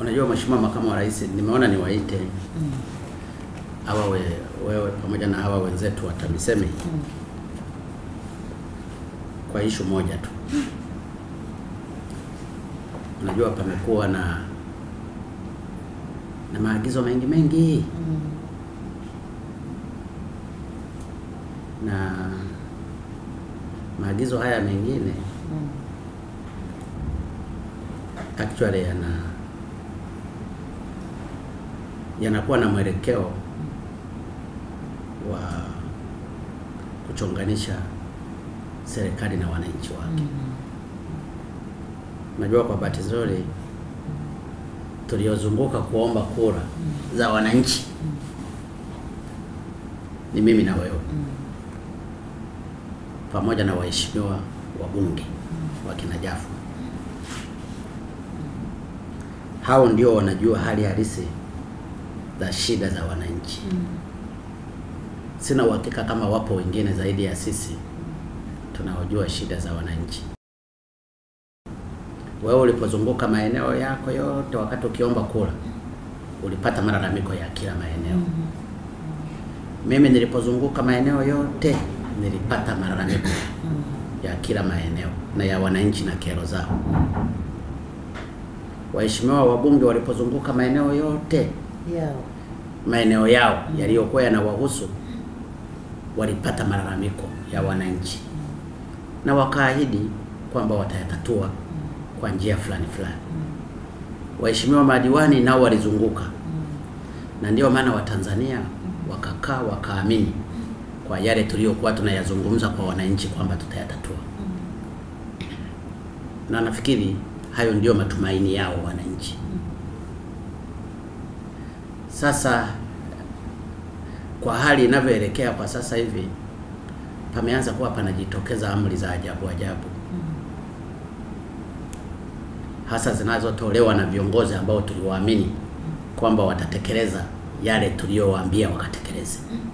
Unajua Mheshimiwa Makamu wa Rais, nimeona niwaite mm. wewe we, wewe pamoja na hawa wenzetu wa TAMISEMI mm. kwa ishu moja tu mm. Unajua pamekuwa na na maagizo mengi mengi mm. na maagizo haya mengine mm. actually yana yanakuwa na mwelekeo wa kuchonganisha serikali na wananchi wake. Mm-hmm. Najua kwa bahati nzuri tuliozunguka kuomba kura za wananchi mm-hmm. ni mimi na wewe mm-hmm. pamoja na waheshimiwa wabunge wa kina Jafo. Hao ndio wanajua hali halisi za shida za wananchi. Mm. Sina uhakika kama wapo wengine zaidi ya sisi tunaojua shida za wananchi. Wewe ulipozunguka maeneo yako yote, wakati ukiomba kura, ulipata malalamiko ya kila maeneo. Mm-hmm. Mimi nilipozunguka maeneo yote, nilipata malalamiko mm-hmm. ya kila maeneo na ya wananchi na kero zao. Waheshimiwa wabunge walipozunguka maeneo yote yeah maeneo yao yaliyokuwa yanawahusu, walipata malalamiko ya wananchi na wakaahidi kwamba watayatatua kwa njia fulani fulani. Waheshimiwa madiwani nao walizunguka, na ndio maana Watanzania wakakaa wakaamini kwa yale tuliyokuwa tunayazungumza kwa wananchi kwamba tutayatatua, na nafikiri hayo ndiyo matumaini yao wananchi. Sasa kwa hali inavyoelekea kwa sasa hivi, pameanza kuwa panajitokeza amri za ajabu ajabu, mm-hmm. hasa zinazotolewa na viongozi ambao tuliwaamini mm-hmm. kwamba watatekeleza yale tuliyowaambia wakatekeleze. Mm-hmm.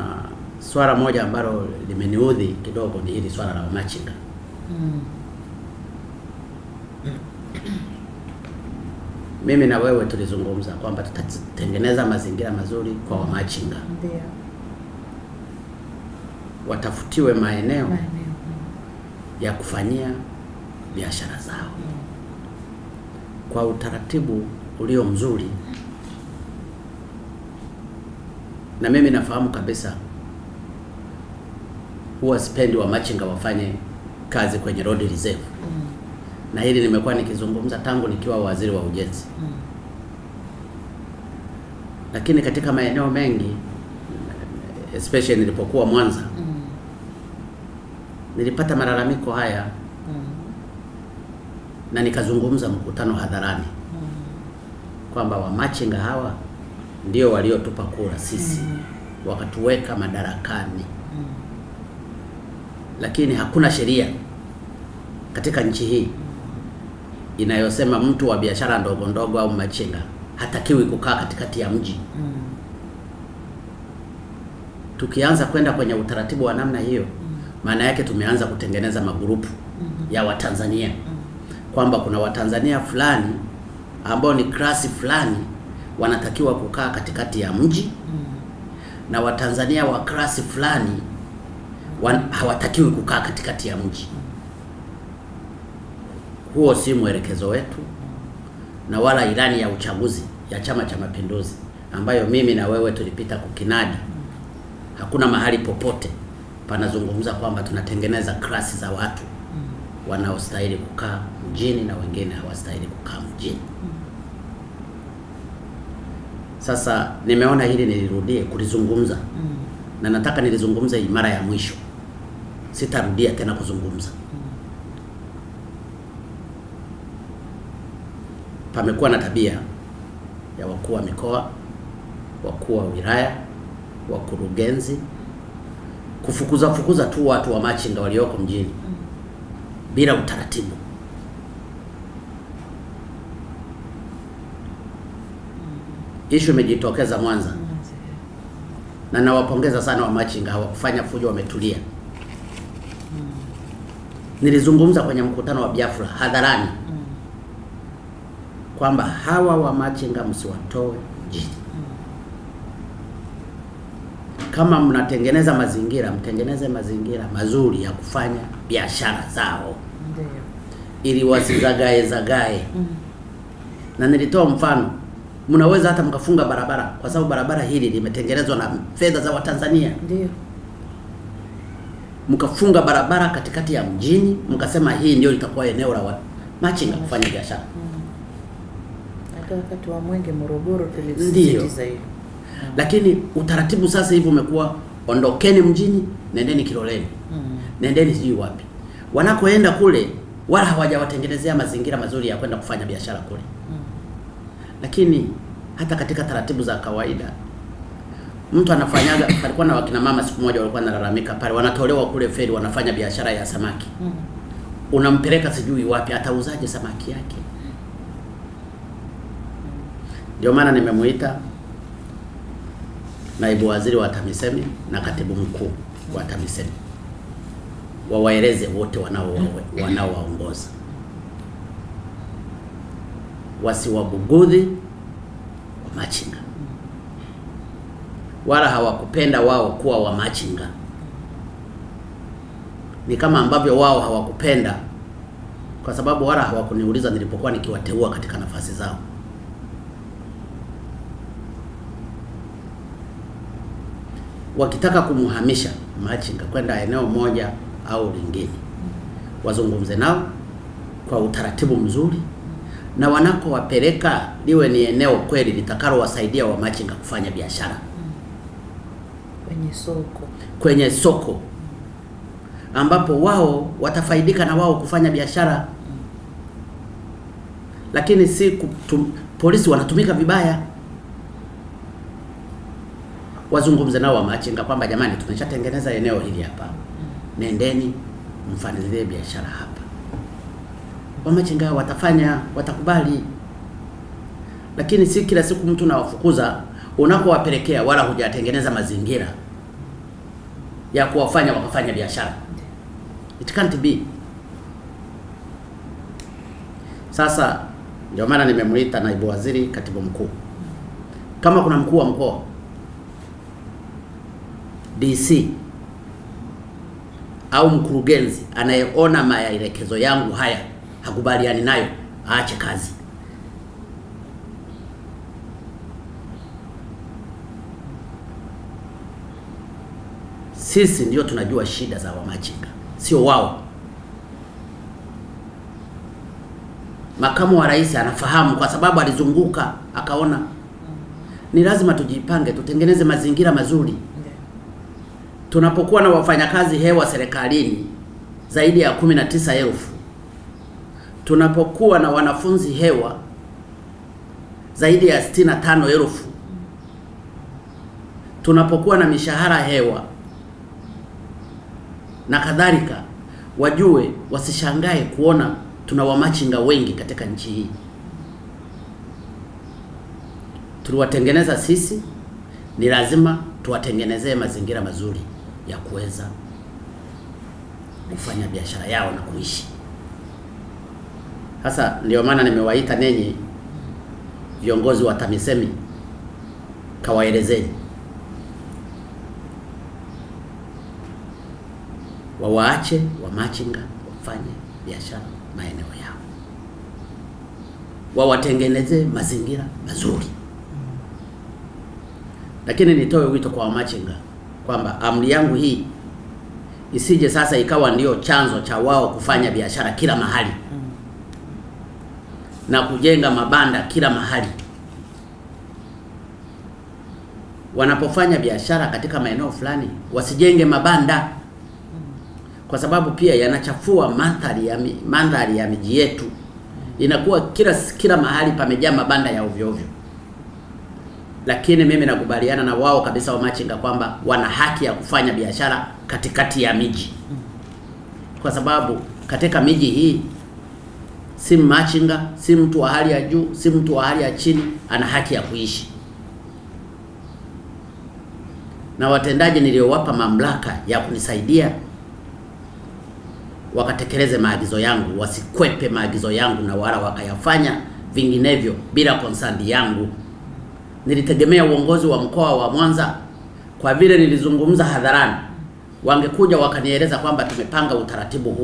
Na swala moja ambalo limeniudhi kidogo ni hili swala la machinga mimi na wewe tulizungumza kwamba tutatengeneza mazingira mazuri kwa wamachinga, ndio watafutiwe maeneo, maeneo mm. ya kufanyia biashara zao mm. kwa utaratibu ulio mzuri, na mimi nafahamu kabisa huwa sipendi wamachinga wafanye kazi kwenye road reserve. Mm na hili nimekuwa nikizungumza tangu nikiwa waziri wa ujenzi mm. Lakini katika maeneo mengi especially nilipokuwa Mwanza mm. nilipata malalamiko haya mm. na nikazungumza mkutano hadharani mm. kwamba wamachinga hawa ndio waliotupa kura sisi mm. wakatuweka madarakani mm. lakini hakuna sheria katika nchi hii inayosema mtu wa biashara ndogo ndogo au machinga hatakiwi kukaa katikati ya mji mm. Tukianza kwenda kwenye utaratibu wa namna hiyo mm. maana yake tumeanza kutengeneza magrupu mm -hmm. ya Watanzania mm kwamba kuna Watanzania fulani ambao ni klasi fulani wanatakiwa kukaa katikati ya mji mm na Watanzania wa klasi fulani wan, hawatakiwi kukaa katikati ya mji huo si mwelekezo wetu na wala ilani ya uchaguzi ya Chama cha Mapinduzi ambayo mimi na wewe tulipita kukinadi. Hakuna mahali popote panazungumza kwamba tunatengeneza klasi za watu wanaostahili kukaa mjini na wengine hawastahili kukaa mjini. Sasa nimeona hili nilirudie kulizungumza, mm. na nataka nilizungumze mara ya mwisho, sitarudia tena kuzungumza. pamekuwa na tabia ya wakuu wa mikoa, wakuu wa wilaya, wakurugenzi kufukuza fukuza tu watu wa machinga walioko mjini bila utaratibu. Mm-hmm. Ishu imejitokeza Mwanza na nawapongeza sana wamachinga, hawakufanya fujo, wametulia. Mm. Nilizungumza kwenye mkutano wa Biafra hadharani kwamba hawa machinga msiwatoe jiji. Kama mnatengeneza mazingira, mtengeneze mazingira mazuri ya kufanya biashara zao ili wasizagae zagae. Mm-hmm. Na nilitoa mfano, mnaweza hata mkafunga barabara kwa sababu barabara hili limetengenezwa na fedha za Watanzania. Mkafunga barabara katikati ya mjini, mkasema hii ndio litakuwa eneo la machinga kufanya biashara. Mm hata wakati wa Mwenge Morogoro tulisisitiza hiyo, mm. lakini utaratibu sasa hivi umekuwa ondokeni mjini, nendeni Kiloleni, mm. nendeni sijui wapi. Wanakoenda kule wala hawajawatengenezea mazingira mazuri ya kwenda kufanya biashara kule, mm. lakini hata katika taratibu za kawaida mtu anafanyaga palikuwa na wakina mama siku moja walikuwa wanalalamika pale, wanatolewa kule feri, wanafanya biashara ya samaki, unampeleka sijui wapi, atauzaje samaki yake? Ndio maana nimemuita naibu waziri wa TAMISEMI na katibu mkuu wa TAMISEMI wawaeleze wote wanaowaongoza wasiwabugudhi machinga wala hawakupenda wao kuwa wa machinga ni kama ambavyo wao hawakupenda, kwa sababu wala hawakuniuliza nilipokuwa nikiwateua katika nafasi zao. wakitaka kumhamisha machinga kwenda eneo moja au lingine, wazungumze nao kwa utaratibu mzuri, na wanakowapeleka liwe ni eneo kweli litakalowasaidia wamachinga kufanya biashara kwenye soko, kwenye soko ambapo wao watafaidika na wao kufanya biashara, lakini si kutum, polisi wanatumika vibaya wazungumze nao wa machinga kwamba jamani, tumeshatengeneza eneo hili hapa, nendeni mfanilie biashara hapa. Wamachinga watafanya, watakubali, lakini si kila siku mtu nawafukuza unakowapelekea, wala hujatengeneza mazingira ya kuwafanya wakafanya biashara. It can't be. Sasa ndio maana nimemuita naibu waziri, katibu mkuu, kama kuna mkuu wa mkoa DC au mkurugenzi anayeona maelekezo yangu haya hakubaliani nayo aache kazi. Sisi ndio tunajua shida za wamachinga, sio wao. Makamu wa rais anafahamu kwa sababu alizunguka akaona ni lazima tujipange, tutengeneze mazingira mazuri tunapokuwa na wafanyakazi hewa serikalini zaidi ya 19,000, tunapokuwa na wanafunzi hewa zaidi ya 65,000, tunapokuwa na mishahara hewa na kadhalika, wajue wasishangae kuona tuna wamachinga wengi katika nchi hii. Tuliwatengeneza sisi, ni lazima tuwatengenezee mazingira mazuri ya kuweza kufanya biashara yao na kuishi. Sasa ndio maana nimewaita ninyi viongozi wa TAMISEMI, kawaelezeni, wawaache wamachinga wafanye biashara maeneo yao, wawatengeneze mazingira mazuri. Lakini nitoe wito kwa wamachinga kwamba amri yangu hii isije sasa ikawa ndiyo chanzo cha wao kufanya biashara kila mahali na kujenga mabanda kila mahali. Wanapofanya biashara katika maeneo fulani, wasijenge mabanda, kwa sababu pia yanachafua mandhari ya mandhari ya miji yetu. Inakuwa kila kila mahali pamejaa mabanda ya ovyo ovyo lakini mimi nakubaliana na wao kabisa wamachinga kwamba wana haki ya kufanya biashara katikati ya miji, kwa sababu katika miji hii si machinga, si mtu wa hali ya juu, si mtu wa hali ya chini, ana haki ya kuishi. Na watendaji niliowapa mamlaka ya kunisaidia wakatekeleze maagizo yangu, wasikwepe maagizo yangu na wala wakayafanya vinginevyo bila konsandi yangu nilitegemea uongozi wa mkoa wa Mwanza kwa vile nilizungumza hadharani, wangekuja wakanieleza kwamba tumepanga utaratibu huu.